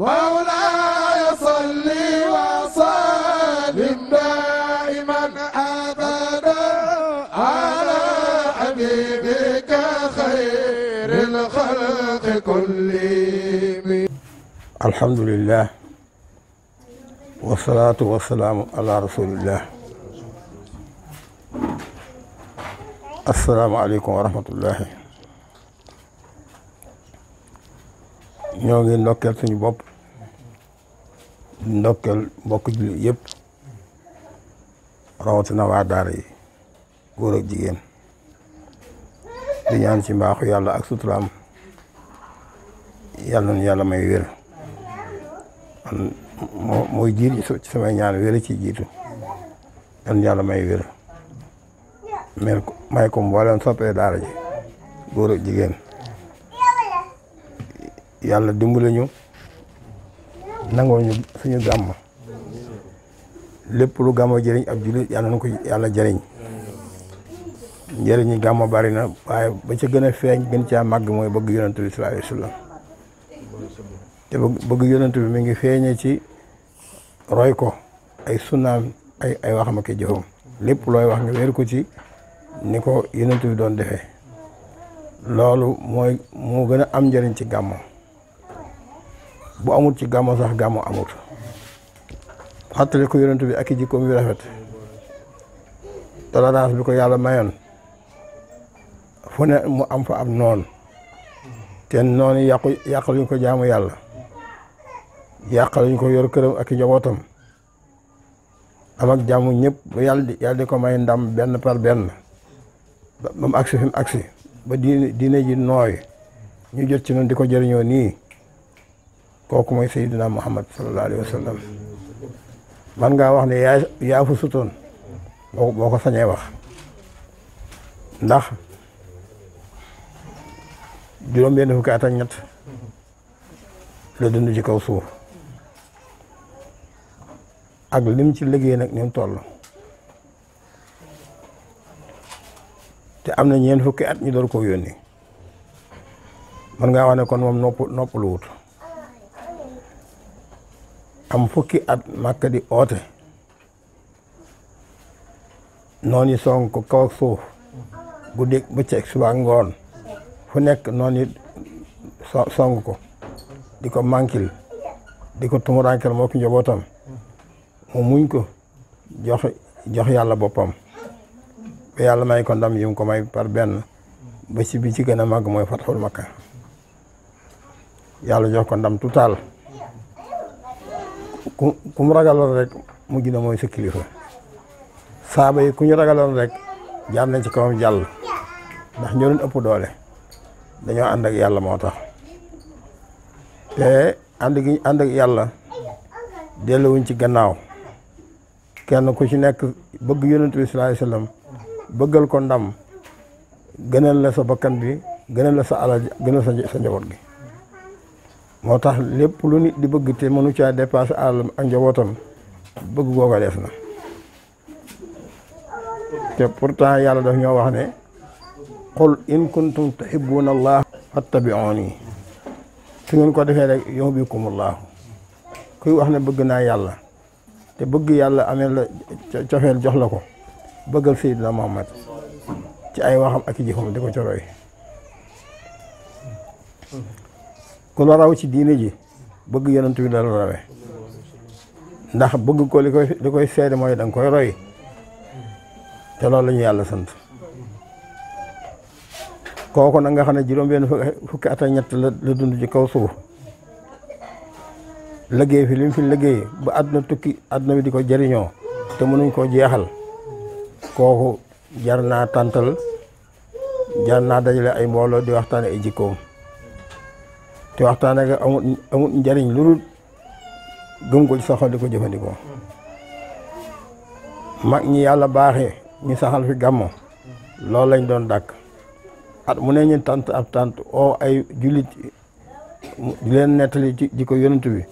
مولاي صل وسلم دائما ابدا على حبيبك خير الخلق كلهم الحمد لله والصلاة والسلام على رسول الله السلام عليكم ورحمة الله ñoo ngi ndokkel suñu bopp ndokkel mbokk jullit yëpp rawatina waa daara yi góor ak jigéen di ñaan ci mbaaxu yàlla ak suturaam yàlla na yàlla may wér man mooy jiir ci samay ñaan wér ci jiitu yàlla yàlla may wér may ko mboolem soppee daara góor ak jigéen yàlla dimbali ñu nangoo ñu suñu gàmm lépp lu gàmmo jëriñ ab jullit yàlla na ko yàlla jëriñ njëriñi gàmmo bari na waaye ba ca gën a feeñ gën caa màgg mooy bëgg yonent bi sallallahu alayhi te bëgg yonent bi mi ngi feeñe ci roy ko ay sunnaam ay ay waxam lépp looy wax nga wéer ko ci ni ko yonent bi doon defee loolu mooy moo gën a am njëriñ ci gàmmo bu amul ci gàmmo sax gàmmo amut xattali ko yonent bi ak i jikkoom yu rafet tolérance bi ko yàlla mayoon fu ne mu am fa ab noon te noonu yàqu yàqaluñ ko jaamu yàlla yàqaluñ ko yor këram ak i njabootam am ak jàmm ñëpp ba yàlla di yàlla ko may ndam benn par benn ba mu agsi fi ba diine diine ji nooy ñu jot ci noonu di ko jëriñoo nii kooku mooy sayyidina muhammad sallallahu alayhi wa sallam man ngaa wax ne yaa yaa fa sutoon boo ko sañee wax ndax juróom-benn fukki at ak ñett la dund ci kaw suuf ak lim ci liggéey nag ni mu toll te am na ñeen fukki at ñu door koo yónni man ngaa wax ne kon moom nopp noppalu wut am fukki at Makka di oote noon yi song ko kaw ak suuf guddi bëccëg suba ngoon fu nekk noon yi song ko di ko mankil di ko tumurankeel moo ki njabootam mu muñ ko jox jox yàlla boppam ba yàlla may ko ndam yi ko may par benn ba ci bi ci gën a màgg mooy Fatxul Makka yàlla jox ko ndam ku ku mu ragaloon rek mujj na mooy sa kilifa saaba yi ku ñu ragaloon rek jaar ci kawam jàll ndax ñoo ëpp doole dañoo ànd ak yàlla moo tax te ànd gi ànd ak yàlla delluwuñ ci gannaaw kenn ku ci nekk bëgg yonent bi sallallahu alayhi wasallam bëggal ko ndam gënal la sa bakkan bi gënal la sa alal gënal sa sa njaboot gi moo tax lépp lu nit di bëgg te mënu caa dépassé àllam ak njabootam bëgg googa des na te pourtant yàlla daf ñoo wax ne qul in kuntum tuhibbuna allah fattabi'uni su ngeen ko defee rek yuhbibkumullahu kuy wax ne bëgg naa yàlla te bëgg yàlla amee la cofeel jox la ko bëggal Seydina Muhammad ci ay waxam ak i jëfam di ko coroy ku la raw ci diine ji bëgg yonent bi dala rawe ndax bëgg ko li koy li koy seede mooy da nga koy roy te loolu la yàlla sant kooku nag nga xam ne juróom-benn fukki at ñett la dund ci kaw suuf liggéey fi li fi liggéey ba àdduna tukki àdduna bi di ko jëriñoo te mënuñ koo jeexal kooku jar naa tàntal jar naa dajale ay mbooloo di waxtaane ay jikkoom te waxtaan ak amul amul njariñ lu dul gëm ko di ko jëfandikoo mag ñi yàlla baaxe ñu saxal fi gàmmo loolu lañ doon dàkk at mu ne ñu tant ab tant oo ay jullit di leen nettali ci di ko yonent bi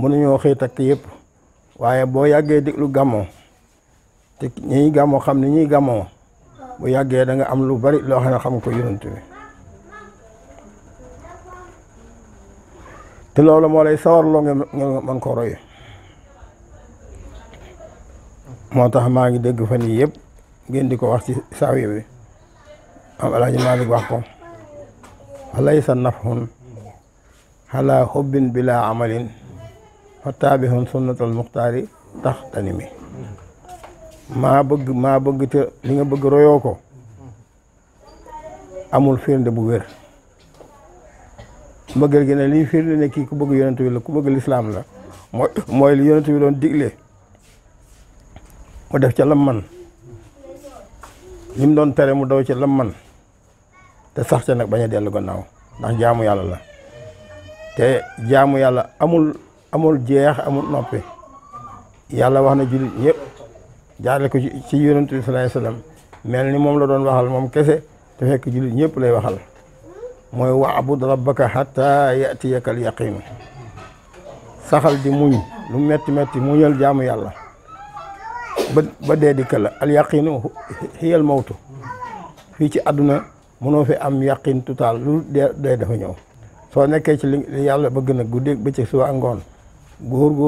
mënuñoo xëy takk yëpp waaye boo yàggee déglu gàmmo te ñi gàmmo xam ni ñuy gàmmo bu yàggee danga am lu bari loo xam ne xam ko yonent bi te loolu moo lay sawarloo nga mën ko roy moo tax maa ngi dégg fan yii yëpp ngeen di ko wax ci saawiya bi am alaaji Maalik wax ko alaysa nafhun ala xubbin bila amalin fa taabihun sunnatal muxtaari tax tani maa bëgg maa bëgg te li nga bëgg royoo ko amul firnde bu wér mbëggal gi ne lii firnde ne kii ku bëgg yonent bi la ku bëgg lislaam la mooy mooy li yonent doon digle mu def ca lam man li mu doon tere mu daw ca lamman te sax ca nag bañ a dellu gannaaw ndax jaamu yàlla la te jaamu yàlla amul amul jeex amul noppi yàlla wax na jullit ñëpp jaarale ko ci yonent bi sallallahu alayhi wasallam mel ni moom la doon waxal moom kese te fekk jullit ñëpp lay waxal mooy wax abu waabud rabbaka hatta yatiyaka alyaqin saxal di muñ lu metti metti muñal jaamu yàlla ba ba dee dikka la alyaqinu xiyal mawtu fii ci àdduna mënoo fi am yaqin total lu dee dafa ñëw soo nekkee ci li yàlla bëgg nag guddi bëccëg suba ak ngoon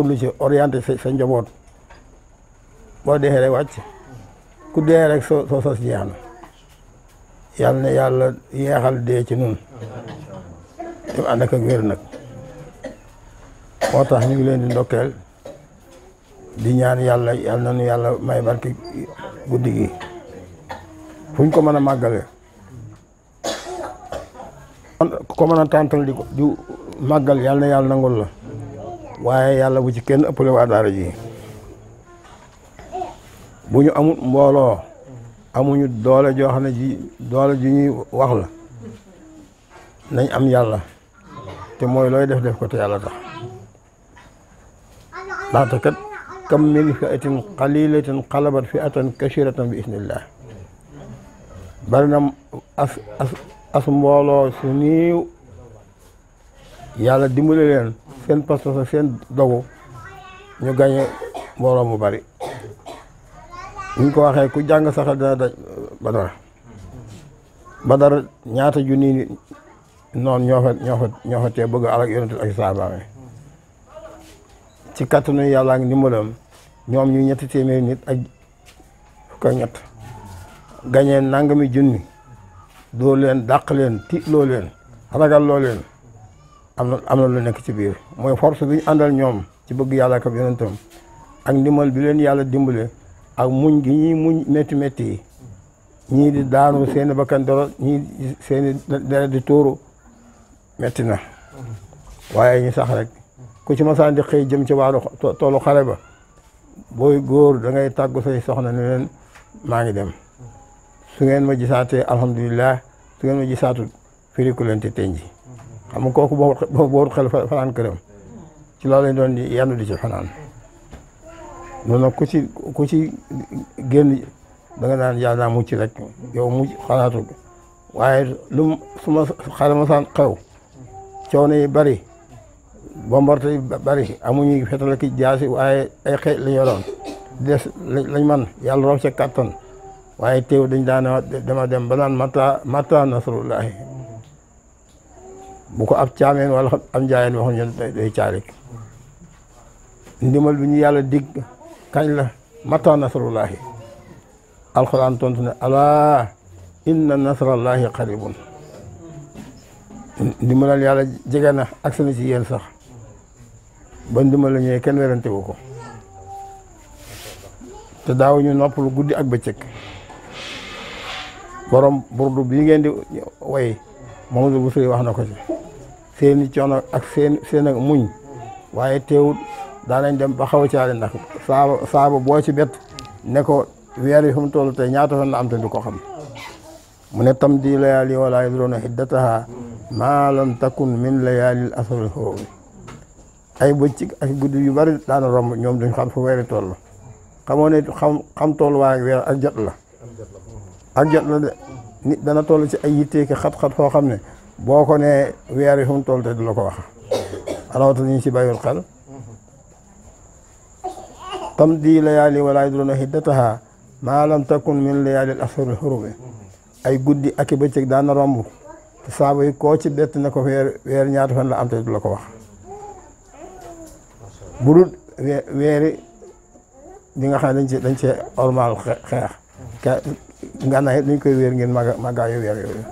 lu ci orienté sa sa njaboot boo dee rek wàcc ku dee rek soo soo sos jeex na yal na yàlla yeexal dee ci nun ñu ànd ak wér nag moo tax ñu ngi leen di ndokkeel di ñaan yàlla yal na nu yàlla may barki guddi gi fu ko mën a màggale ko mën a tàntal di di màggal yal na yàlla nangul la waaye yàlla bu ci kenn ëppale waa daara ji buñu ñu mbooloo amuñu doole joo xam ne ji doole ju ñuy wax la nañ am yàlla te mooy looy def def ko te yàlla tax ndaxte kat kam min fi'atin qalilatin qalabat fi'atan kasiratan bi isnillah bari na as as as mbooloo su niiw yàlla dimbale leen seen pas seen dogu ñu gañe mbooloo mu bari bu ñu ko waxee ku jàng saxel a daj badar uh, badar ñaata junni noonu ñoo fa ñoo fa ñoo fa bëgg alak yonent ak saabaam yi ci kattanu yàlla ak ndimbalam ñoom ñu ñetti téeméeri nit ak fukk ñett gañee nangami junni doo leen dàq leen ti loo leen am na am na lu nekk ci biir mooy force bi ñu àndal ñoom ci bëgg yàlla ak yonentam ak ndimbal bi yàlla dimbale ak muñ gi ñii muñ metti métti ñii di daanu seen bakkan doro ñii seen dara di tuuru metti na waaye ñu sax rek ku ci masaan di xëy jëm ci wàllu toolu xare ba booy góor da ngay tàggu say soxna ne leen maa ngi dem su ngeen ma gisaatee alhamdulilah su ngeen ma gisaatul firiku leen te tenji xam kooku boo boo xel fanaan këram ci loolu leen doon di yendu di ci fanaan loolu nag ku ci ku ci génn da nga naan yàlla mucc rek yow mucc xalaatu waaye lu suma xale ma saan xew coono yi bari bombarte yi bari amuñu fetal ki jaasi waaye ay xeej la ñu doon des lañ man yàlla roof ca kattan waaye teew dañ daan dama dem ba naan mata mata nasrullahi bu ko ab caameen wala am njaayeen waxuñu day caarik ndimbal bi ñu yàlla dig kañ la mata nasrullahi alquran tontu na alaa inna nasrallahi qaribun ndimbalal yàlla jege na ak seen ci yéen sax ba ndimbal la ñëwee kenn werante wu ko te daawuñu noppalu guddi ak bëccëg borom burdu bii ngeen di way Mamadou Boussiri wax na ko ci seeni coono ak seen seen muñ waaye teewul daanañ dem ba xaw a caale ndax saabo saaba boo ci bett ne ko weer yi fu mu toll tey ñaata fan la am te du ko xam mu ne tam di layaali wala yadruna hiddataha maa lam takun min layaalil asrul hurum ay bëccëg ak guddi yu bari daana romb ñoom duñ xam fu weeri toll xamoo ne xam xam tolluwaay weer ak jot la ak jot la de nit dana toll ci ay yitteeki xat-xat foo xam ne boo ko ne weer yi fu mu toll te du la ko wax rawatina ñu ci bàyyul xel tamdi layaali wala yadruna hiddataha maa lam takun min layaali al-ashhuril hurum ay guddi ak i bëccëg daana romb te saaba yi ko ci bett na ko weer weer ñaata fan la am te du la ko wax bu weeri bi nga xam ne dañ dañ cee ormal dañ koy wéer ngeen màgg màggaayu weer yooyu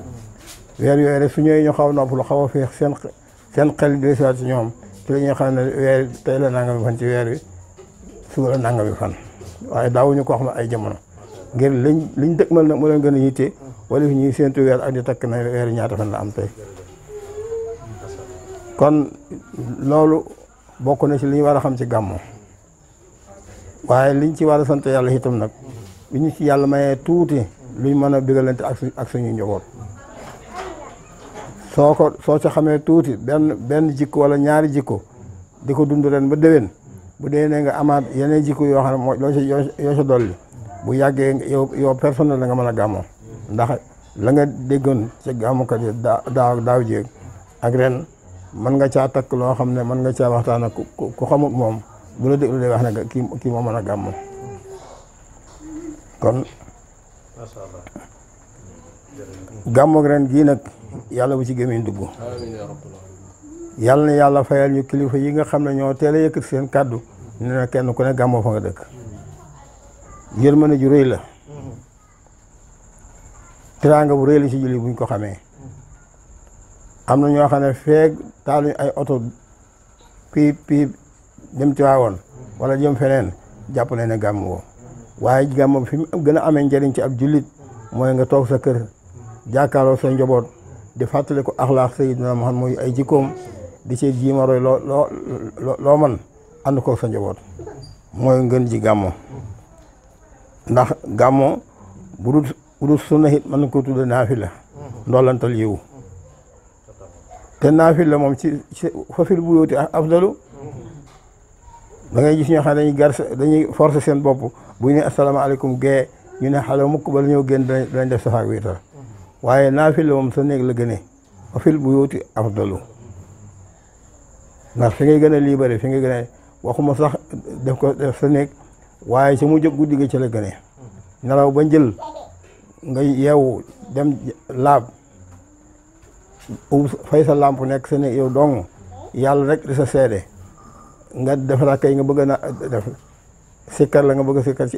weer yooyu rek su ñëwee ñu xaw a noppalu xaw a féex seen seen xel di si ñoom ci la ñuy xam ne weer tey la nangam fan ci weer wi suba la nangami fan waaye daawuñu ko wax ma ay jamono ngir liñ liñ dëgmal nag mu leen gën a yitte wala fi ñuy séentu weer ak di takk na weer ñaata fan la am tey kon loolu bokk na ci li war a xam ci gàmmu waaye liñ ci war a sant yàlla itam nag bi ñu ci yàlla mayee tuuti luñ mën a bigalante ak ak suñu njaboot soo ko soo ci xamee tuuti benn benn jikko wala ñaari jikko di ko dund ren ba déwén bu dee ne nga amaat yeneen jikko yoo xam ne mooy loo si yoo si dolli bu yàggee yow yow personnel la nga mën a gàmmoo ndax la nga déggoon ci gàmmukat yi daaw daaw ak ren mën nga caa takk loo xam ne mën nga caa waxtaan ak ku moom bu la déglu day wax ne kii kii moo mën a gàmmoo kon gàmmoog ren gii nag yàlla bu ci gémmiñ dugg yàlla na yàlla fayal ñu kilifa yi nga xam ne ñoo teel a seen kàddu ne na kenn ku ne gàmmoo fa nga dëkk yërmande ju rëy la teraanga bu rëy la ci julli buñ ko xamee am na ñoo xam ne feeg taaluñ ay oto piip piip dem ci waawoon wala jëm feneen jàpp nañ ne gàmm woo waaye gàmm fi mu gën a amee njëriñ ci ab jullit mooy nga toog sa kër jàkkaarloo sa njaboot di fàttali ko axlaax Sayyidina mooy ay jikkoom di ci jiima loo loo loo man ànd ko sa njaboot mooy ngën ji gàmmo ndax gàmmo bu dul bu dul sunna it mën na ko tudde naafila ndoolantal yiw te naafila moom ci ci fafil bu yóoti afdalu da ngay gis ñoo xam ne dañuy gar dañuy forcer seen bopp bu ñu ne asalaamaaleykum gee ñu ne xale mukk bala ñëw génn danañ def safaak wiitar waaye naafila moom sa néeg la gënee fafil bu yóoti afdalu ndax fi ngay gën a libéré fi ngay gën a waxuma sax def ko def sa nekk waaye su mu jóg gu gi ci la gënee nelaw ba njël nga yeewu dem laab fay sa làmp nekk sa nekk yow dong yàlla rek di sa seede nga def rakka kay nga bëgg na def sikkar la nga bëgg a sikkar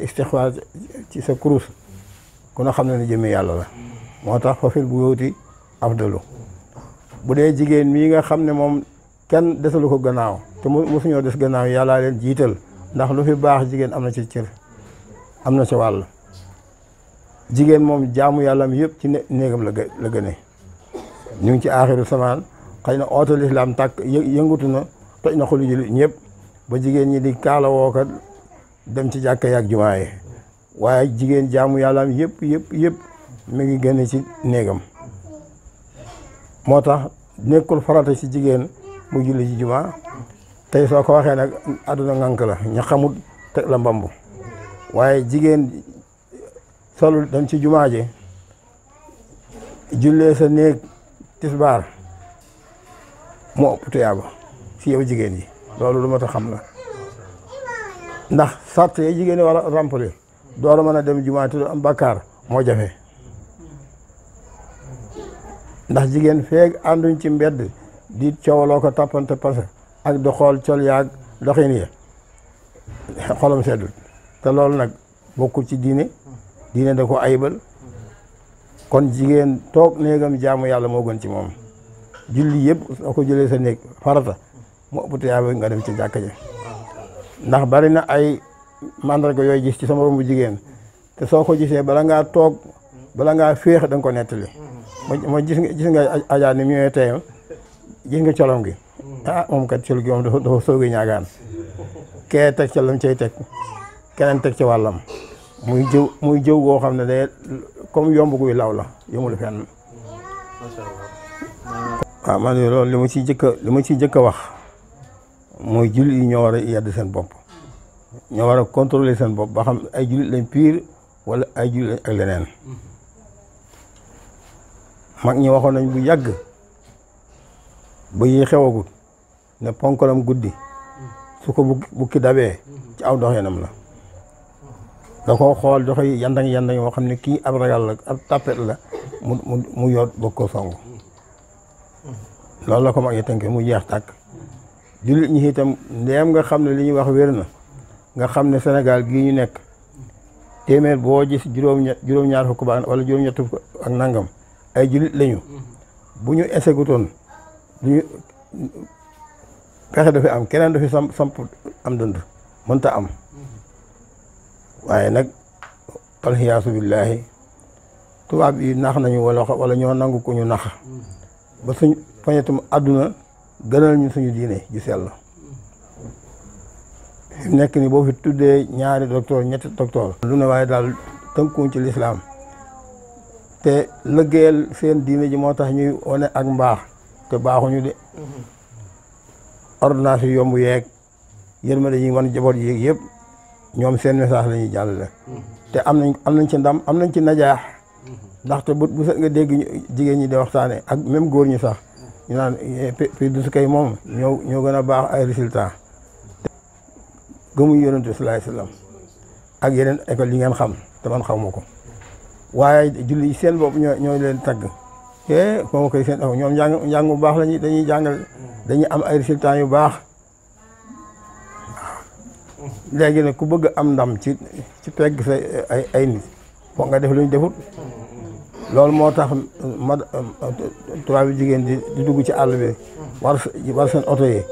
ci sa kurus kon na xam ne ne jëmee yàlla la moo tax fafil bu yóoti afdalu bu dee jigéen mii nga xam ne moom kenn desalu ko gannaaw te mosuñoo des gannaaw yàllaa leen jiital ndax lu fi baax jigéen am na ci cër am na ci wàll jigéen moom jaamu yàllam yëpp ci néegam la ñu ngi ci aaxiru samaan xëy na ooto tàkk yëngatu na toj ba jigéen ñi di kaala dem ci jàkka yaak jumaa waaye jigéen jaamu yàllaam yëpp yëpp yëpp mi ngi génne ci néegam moo tax nekkul farata ci jigéen mu julli ci jumaa tey soo ko waxee nag àdduna ngànk la ña la mbambu waaye jigéen solul dem ci jumaa ji jullee sa néeg tisbaar moo ëpp tuyaaba si yow jigéen yi loolu lu ma ta xam la ndax sart yi jigéen yi war a remplir door a mën a dem jumaa tudd am bakkaar moo jafe ndax jigéen feeg ànduñ ci mbedd di coowaloo ko toppante passé ak di xool col yaag doxin yi xolam seddul te loolu nag bokkul ci diine diine da ko ayibal kon jigéen toog néegam jaamu yàlla moo gën ci moom julli yëpp soo ko jëlee sa néeg farata mu ëpp tuyaaba nga dem ci jàkka ji ndax bari na ay mandarga yooyu gis ci sama rombu jigéen te soo ko gisee bala ngaa toog bala ngaa féex dang ko nettali. ma mm-hmm. gis nga gis nga Adja ni mu ñëwee tey gis nga colom gi ah moom kat col gi moom dafa dafa ñaagaan kee teg colom cay teg keneen teg ci wàllam muy jëw muy jëw goo xam ne day comme yomb guy law la yomul fenn. waaw ah, man de loolu li ma ciy jëkk a ma ciy jëkk a wax mooy jullit yi ñoo war a yedd seen bopp ñoo war a contrôler seen bopp ba xam ay jullit lañ piir wala ay jullit lañ ak leneen mag ñi waxoon nañ bu yàgg. ba yi xewagul ne ponkalam guddi su ko bukki dabee ci aw doxinam la da koo xool doxe yandang yandang moo xam ne kii ab ragal la la mu mu mu yoot bëgg ko songu loolu la ko mag yi tënk mu jeex tàkk jullit ñi itam ndeem nga xam ne li ñuy wax wér na nga xam ne senegal gi ñu nekk téeméer boo gis juróom-ñett juróom-ñaar fukk ba wala juróom-ñett fukk ak nangam ay jullit lañu bu ñu esegutoon duñu pexe dafi am keneen dafi samp samp am dënd mënta am waaye nag alxiyaasu billaahi tubaab yi nax nañu wala wala ñoo nangu ko ñu nax ba suñ pañetum àdduna gënal ñu suñu diine ji na fi nekk ni boo fi tuddee ñaari docteur ñetti docteur lu ne waaye daal tënkuñ ci lislaam te lëggeel seen diine ji moo tax ñuy wane ak mbaax te baaxuñu de ordonnance yu yomb yeeg yërmande yi wan jaboot yéeg yëpp ñoom seen message la ñuy jàllale te am nañ am nañ ci ndam am nañ ci najaax ndaxte bu bu set nga dégg jigéen ñi di waxtaane ak même góor ñi sax ñu naan prix du kay moom ñoo ñoo gën a baax ay résultat gëmuñ yonente sallallahu alayhi wasallam ak yeneen école yi ngeen xam te man xaw ko waaye julli seen bopp ñoo ñooy leen tagg e kooku koy ñoom njàng njàng bu baax lañu dañuy jàngal dañuy am ay résultats yu baax léegi nag ku bëgg am ndam ci ci pegg sa ay ay nit foog nga def lu ñu defut loolu moo tax ma tubaab jigéen di dugg ci àll bi war war seen oto yi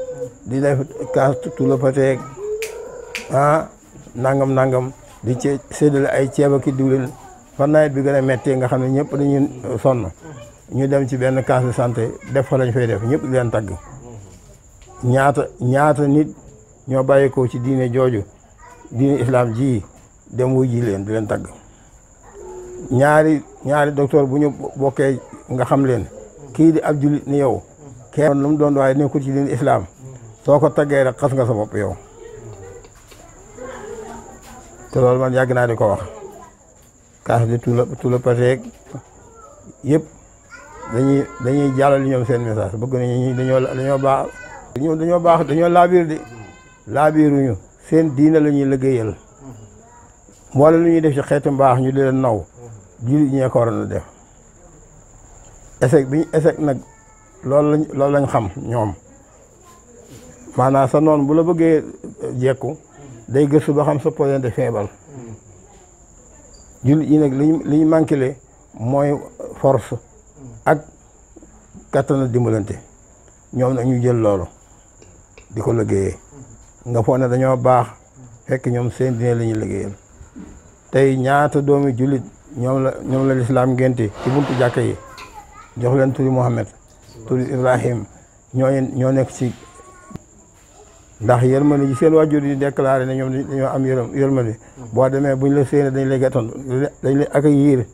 di def kaas tout le pateek ah nangam di ci séddale ay ceeb ak diwlin fa nawet bi gën a méttee nga xam ne ñëpp dañuy sonn ñu dem ci benn case de santé def fa lañ fay def ñëpp di leen tagg ñaata ñaata nit ñoo bàyyeekoo ci diine jooju diine islam ji dem wu ji leen di leen tagg ñaari ñaari docteur bu ñu bokkee nga xam leen kii di ab julit ni yow kenn lu mu doon waaye nekkul ci diine islam soo ko taggee rek xas nga sa bopp yow te loolu man yàgg naa di ko wax case de tout le tout dañuy dañuy jàllale ñoom seen message bëgg nañu dañoo dañoo baax ñoom dañoo baax dañoo laabiir di laabiiruñu seen diina la ñuy liggéeyal wala lu ñuy def ci xeetu mbaax ñu di leen naw jullit ñee ko waroon def échec bi ñu nag loolu lañ loolu lañ xam ñoom maanaam sa noon bu la bëggee eh, jekku day gëstu ba xam sa point de feebal mm. jullit yi nag liñ liñ manqué mooy force ak kattan dimbalante ñoom na ñu jël loolu di ko liggéeyee nga foog ne dañoo baax fekk ñoom seen diine la ñuy liggéeyal tey ñaata doomi jullit ñoom la ñoom la lislaam ngénte si buntu jàkka yi jox leen turi Muhammad turi Ibrahim ñoo nekk si ndax yërmande ji waa wàjjur yi déclaré ne ñoom dañoo am yërëm yërmande boo demee buñ la seen dañ lay gàttandu dañ lay ak yiir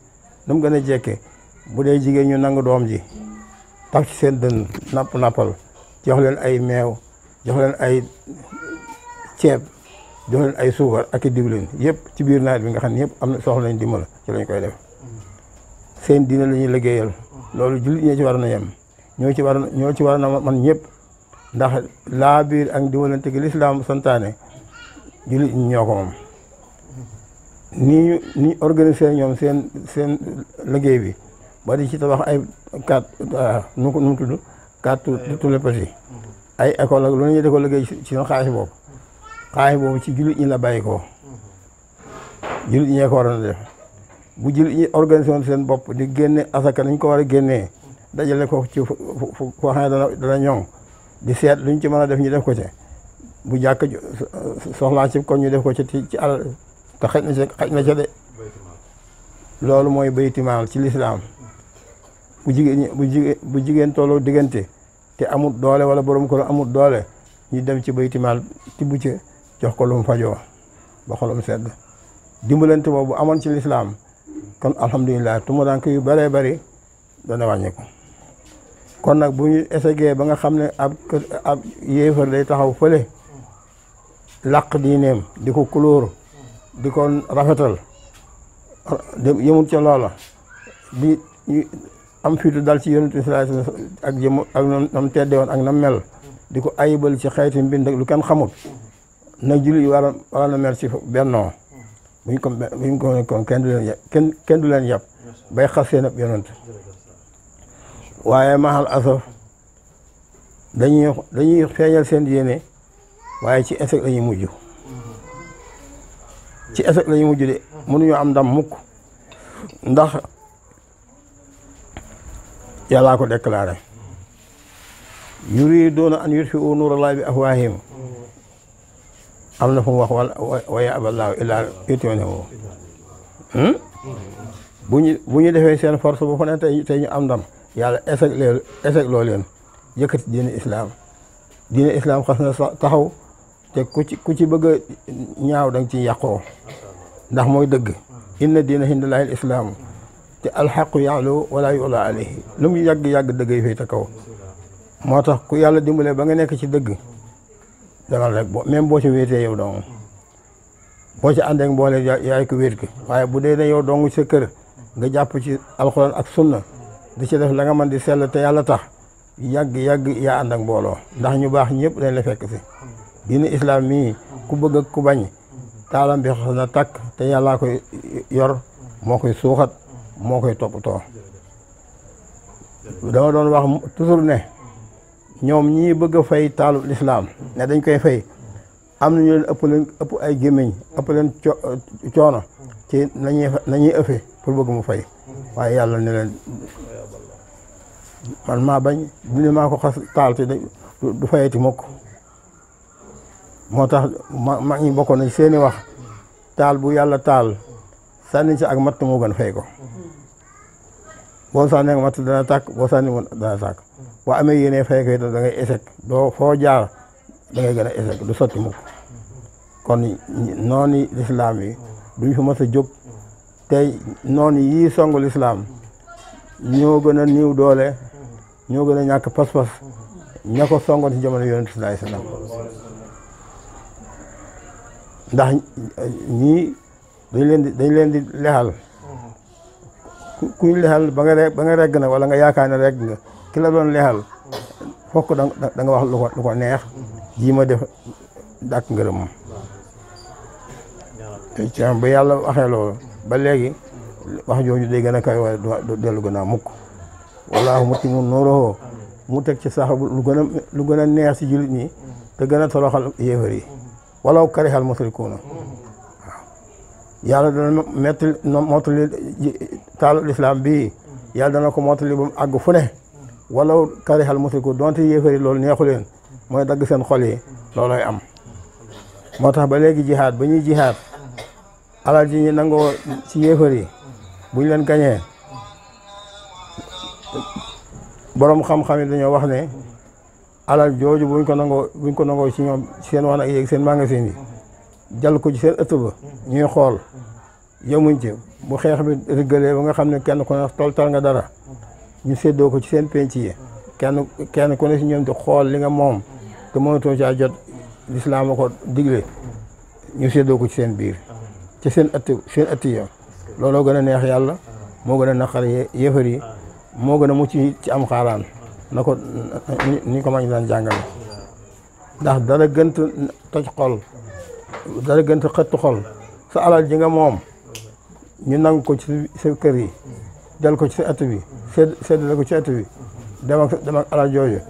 nu gën a jekkee bu dee jigéen ñu nangu doom ji tax ci seen dënn napp nappal jox leen ay meew jox leen ay ceeb jox ay suukar ak diwlin yëpp ci biir nawet bi nga xam ne yëpp am na soxla nañ dimbal ci lañ koy def seen diine la ñuy liggéeyal loolu jullit ñoo ci war na yem ñoo ci war ñoo ci war na man ñëpp ndax laa biir ak dimbalante gi lislaam santaane jullit ñi ñoo ko moom ni ni organiser ñoom seen seen liggéey bi ba di ci tabax ay quatre nu ko nu mu tudd quatre tout le petit ay école ak loolu ñu ko liggéey ci seen xaalis boobu xaalis boobu ci jullit ñi la bàyyi ko mm-hmm. jullit ñee ko ñi organisé seen bopp di génne asaka nañ ko war a génnee dajale ko ci foo xam ne dana ñoŋ di seet luñ ci mën a def ñu def ko ci bu jàkk soxlaa ci kon ñu def ko ci ci alal te xaj na ci xaj na ci de loolu mooy baytimaal ci lislaam bu jigéen bu jigéen bu jigéen tolloo diggante te amul doole wala borom ko amul doole ñu dem ci bayti maal tibb ci jox ko lu mu fajoo ba xolam sedd dimbalante boobu amoon ci lislaam kon alhamdulilah tumuranke yu bëree bëri dana wàññeeku kon nag bu ñu essayé ba nga xam ne ab kër yéefar day taxaw fële làq diineem di ko kulóor di ko rafetal yëmut ca loola am fiitu dal ci yonent bi sallallahu alayhi ak jëm ak nam tedde woon ak nam mel di ko ayibal ci xeeti mbind ak lu kenn xamul nag jullit yi war na mel ci bennoo buñ ko buñ ko kenn du leen yab kenn kenn du leen yab bay xas seen ab yonent waaye mahal asaf dañuy dañuy seen yéene waaye ci échec lañuy mujj ci échec lañuy mujj de mënuñoo am ndam mukk ndax yàllaa ko déclaré yuriduuna an yutfiu nuurallaahi bi afwaahihim am na fu mu wax wala wa yaaballaahu illaa yutiinahu hmm? bu ñu bu ñu defee seen force bu fa ne tey tey ñu am ndam yàlla échec leen échec loo leen yëkkati islaam diine islaam xas na taxaw te ku ci ku ci bëgg a ñaaw da nga ciy yàqoo ndax mooy dëgg inna diina hindallaahi l islaam te alxaqu yaalu wala yula alayhi lu yàgg-yàgg dëgg yi kaw moo tax ku yàlla dimbale ba nga nekk ci dëgg rek bo ci wéetee yow dong ci àndeek mboole yaay ko wéet ko waaye bu dee ne yow dong sa kër nga jàpp ci alxuraan ak sunna di ci def la nga man di sell te yàlla tax yàgg-yàgg yaa ànd mbooloo ndax ñu baax ñëpp dañ la fekk si diine islaam mii ku bëgg ak ku bañ taalam bi xas na takk te yàllaa koy yor moo koy suuxat moo koy toppatoo dama doon wax toujours ne ñoom ñii bëgg fay taal lislaam ne dañ koy fay am na ñu ay gémmiñ ëpp leen coono ci nañuy nañuy ëffee pour bëgg mu fay waaye yàlla ne man maa bañ dune maa ko xas taal te du fayati mukk moo tax ma mag ñi bokkoon na seeni wax taal bu yàlla taal sànni ci ak matt moo gën fay ko boo sànni ak dana tàkk boo sànni woon dana tàkk boo amee yéene fay ko itam da doo foo jaar da gën a échec du sotti mukk kon noonu lislaam yi duñ fi mat a jóg te noonu yii songu lislaam ñoo gën a niiw doole ñoo gën a ñàkk pas-pas ña ko songoon ci jamono yonent sallallahu alayhi ndax ñii dañ leen di dañ leen di lexal ku kuy lexal ba nga re regg na wala nga yaakaar ne regg nga ki la doon lexal fokk da wax lu ko lu ko neex jii ma def dàq ngërëm ci am ba yàlla waxee loolu ba léegi wax jooju de gën a kawe waaye du dellu gën a mukk wallaahu mutimmu nuurihi mu teg ci sax lu gën a lu gën a neex si jullit ñi te gën a toroxal yéefar yi walaw karihal musrikuuna yàlla dana metti mottali taalu lislaam bii yàlla dana ko mottali ba mu àgg fu ne wala karihal musriku donte yéefari loolu neexu leen mooy dagg seen xol yi loolooy am moo tax ba léegi jihaad ba ñuy jihaad alal ji nangoo ci yéefar yi bu ñu leen gañee boroom xam-xam yi dañoo wax ne alal jooju buñ ko nangoo buñ ko nangoo ci ñoom seen wax ak yéeg seen magasin yi jal ko ci seen ëtt ba ñuy xool yemuñ ci bu xeex bi riggalee ba nga xam ne kenn ku ne toltal nga dara ñu séddoo ko ci seen penc yi kenn kenn ku ne si ñoom xool li nga moom te mënatoo jot lislaam a ko digle ñu séddoo ko ci seen biir seen ëtt seen ëtt yi looloo gën a neex yàlla moo gën a naqar yëfër yi moo gën a mucc ci am xaaraan na ko ni ko mag ñu daan jàngale ndax dara gënt toj xool dara gën sa xëttu xol sa alal ji nga moom ñu nang ko ci sa kër yi dal ko ci sa at bi sedd seddale ko ci at bi dem ak dem jooju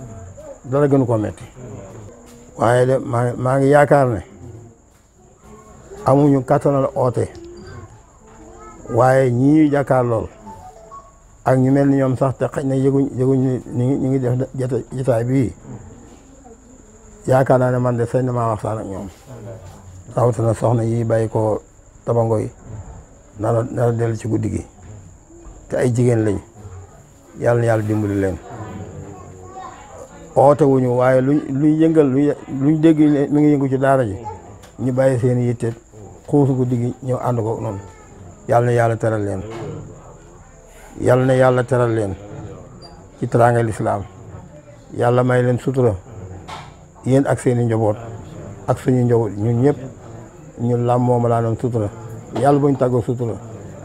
dara gën koo metti waaye de maa maa ngi yaakaar ne amuñu kattanal oote waaye ñi ñuy lool ak ñu mel ni ñoom sax te xëy na yëguñ yëguñ ni ñu ngi def jotaay bi yaakaar naa ne man de sañ na maa waxtaan ñoom na soxna yi bàyyi ko tabango yi nara dellu ci guddi gi te ay jigéen lañ yàlla na yàlla dimbali leen oote wuñu waaye luñ luñ yëngal luñ dégg mi ngi yëngu ci daara ji ñu bàyyi seen yitte xuusu guddi gi ñëw ànd ko noonu yàlla na yàlla teral leen yàlla na yàlla teral leen ci teraanga lislaam yàlla may leen sutura yéen ak seeni njaboot ak suñu njaboot ñu ñëpp ñun làmm mooma laa noon sutura yàlla buñ tàggoo sutura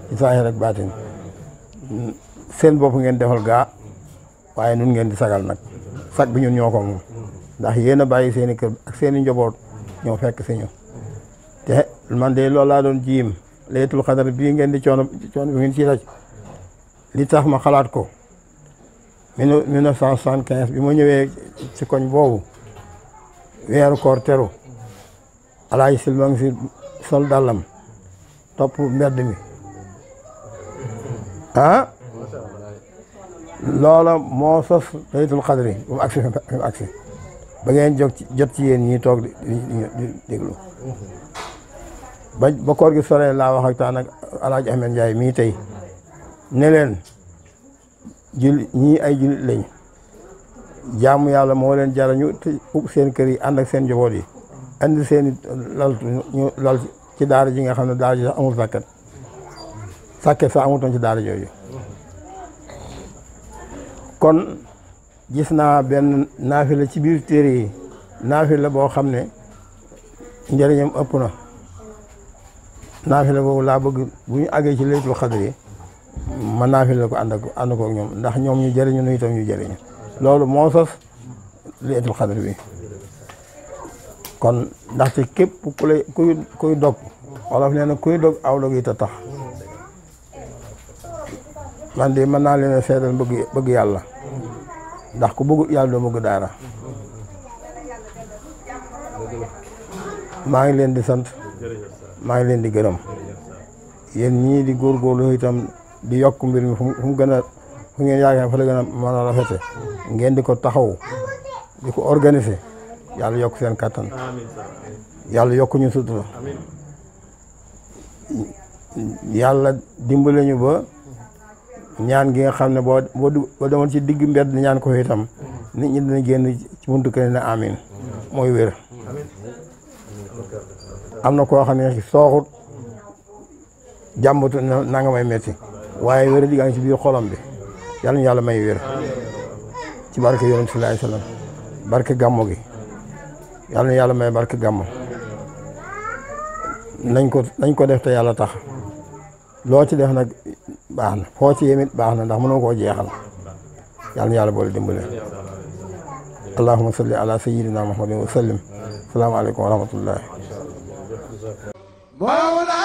ci saahir ak baatin seen bopp ngeen defal gaa waaye nun ngeen di sagal nag sag bu ñu ñoo ko moom ndax yéen a bàyyi seen i kër ak seeni i njaboot ñoo fekk si ñu te man de loolu laa doon jiim laytul xadar bii ngeen di coono coono bi ngeen ci daj li tax ma xalaat ko mille neuf cent soixante-quinze bi ma ñëwee si koñ boobu weer koor teru alaaji sil ma ngi fi sol dàllam topp mbedd mi ah loola moo sos laytul xadri bu mu agsi fi mu agsi ba ngeen jóg ci jot ci yéen ñi toog di di déglu ba ba koor gi soree laa wax ak taan ak alaaji Ahmed Ndiaye mii tey ne leen jul ñii ay julit lañ jaamu yàlla moo leen jarañu te seen kër yi ànd ak seen njaboot yi indi seen i lal ñu lal ci daara ji nga xam ne daara ji sax amul sàkket sàkket sax amutoon ci daara jooju kon gis naa benn naafi la ci biir téere yi naafi la boo xam ne njëriñam ëpp na naafila boobu laa bëgg bu ñu àggee ci laytul xadr yi ma naafila ko ànd ak ñoom ndax ñoom ñu jëriñu nu itam ñu jëriñu loolu moo sos laytul xadr bi kon ndaxte képp ku lay kuy dog wolof nee na kuy dog aw dog yi tax man de mën naa leen a seedal bëgg yàlla ndax ku bëgg yàlla doo bëgg daara maa ngi leen di sant maa ngi leen di gërëm yéen ñii di góorgóorlu itam di yokk mbir mi fu mu gën a fu ngeen yaakaar fa la gën a mën a rafete ngeen di ko taxaw di ko organiser yàlla yokk seen kàttan yàlla yokk ñu sutura yàlla dimbale ñu ba ñaan gi nga xam ne boo boo ci digg mbedd ñaan ko itam nit ñi dina génn ci buntu kër ne amin mooy wér am na koo xam ne sooxut jàmbatu na nga may metti waaye wér di gaa ngi ci biir xolom bi yàlla ñu yàlla may wér ci barke yonent sallallahu alayhi wasallam barke gàmmo yàlla na yàlla may barke gàmmu nañ ko nañ ko def te yàlla tax loo ci def nag baax na foo ci yemit baax na ndax mënoo koo jeexal yàlla na yàlla boole dimbale allahumma salli ala sayyidina muhammadin wa sallim salaamaaleykum wa